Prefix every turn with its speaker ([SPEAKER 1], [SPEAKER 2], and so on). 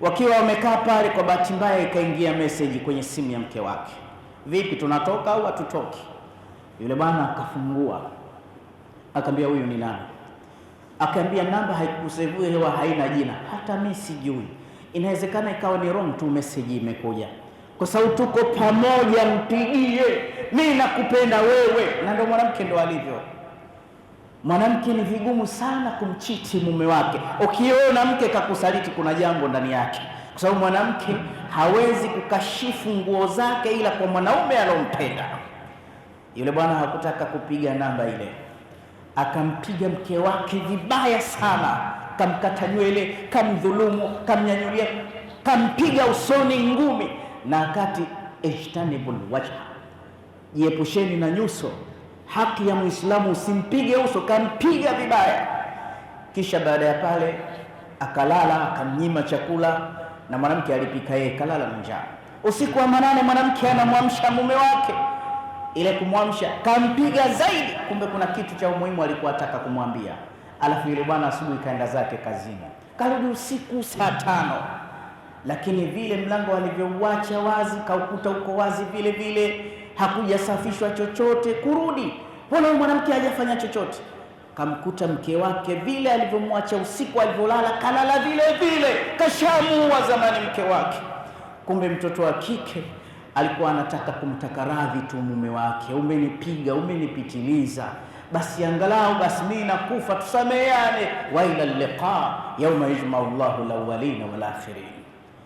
[SPEAKER 1] wakiwa wamekaa pale, kwa bahati mbaya ikaingia meseji kwenye simu ya mke wake, vipi, tunatoka au hatutoki? Yule bwana akafungua akaambia, huyu ni nani? Akaambia namba haikuseviwe hewa, haina jina, hata mimi sijui. Inawezekana ikawa ni wrong tu, meseji imekuja kwa sababu tuko pamoja, mpigie, mimi nakupenda wewe. Na ndio mwanamke ndo alivyo. Mwanamke ni vigumu sana kumchiti mume wake. Ukiona mke kakusaliti, kuna jambo ndani yake, kwa sababu mwanamke hawezi kukashifu nguo zake ila kwa mwanaume alompenda. Yule bwana hakutaka kupiga namba ile, akampiga mke wake vibaya sana, kamkata nywele, kamdhulumu, kamnyanyulia, kampiga usoni ngumi, na akati ejtanibul wajha, jiepusheni na nyuso haki ya Muislamu usimpige uso, kampiga vibaya, kisha baada ya pale akalala, akamnyima chakula na mwanamke alipika yeye, kalala njaa. Usiku wa manane mwanamke anamwamsha mume wake, ile kumwamsha kampiga zaidi, kumbe kuna kitu cha umuhimu alikuwa ataka kumwambia. Alafu yule bwana asubuhi kaenda zake kazini, karudi usiku saa tano, lakini vile mlango alivyouacha wazi kaukuta uko wazi vile vile hakujasafishwa chochote kurudi. Mbona huyu mwanamke hajafanya chochote? Kamkuta mke wake vile alivyomwacha usiku alivyolala, kalala vile vile, kashamua zamani mke wake. Kumbe mtoto wa kike alikuwa anataka kumtaka radhi tu mume wake, umenipiga, umenipitiliza, basi angalau basi mimi nakufa, tusameheane. Waila liqa yauma yajmau llahu lawalina walakhirin.